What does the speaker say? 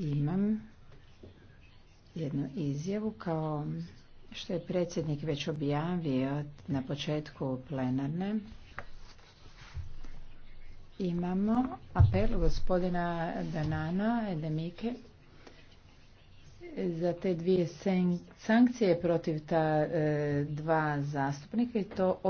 imam jednu izjavu kao što je predsjednik već objavio na početku plenarne. Imamo apel gospodina Danana Edemike za te dvije sankcije protiv ta e, dva zastupnika i to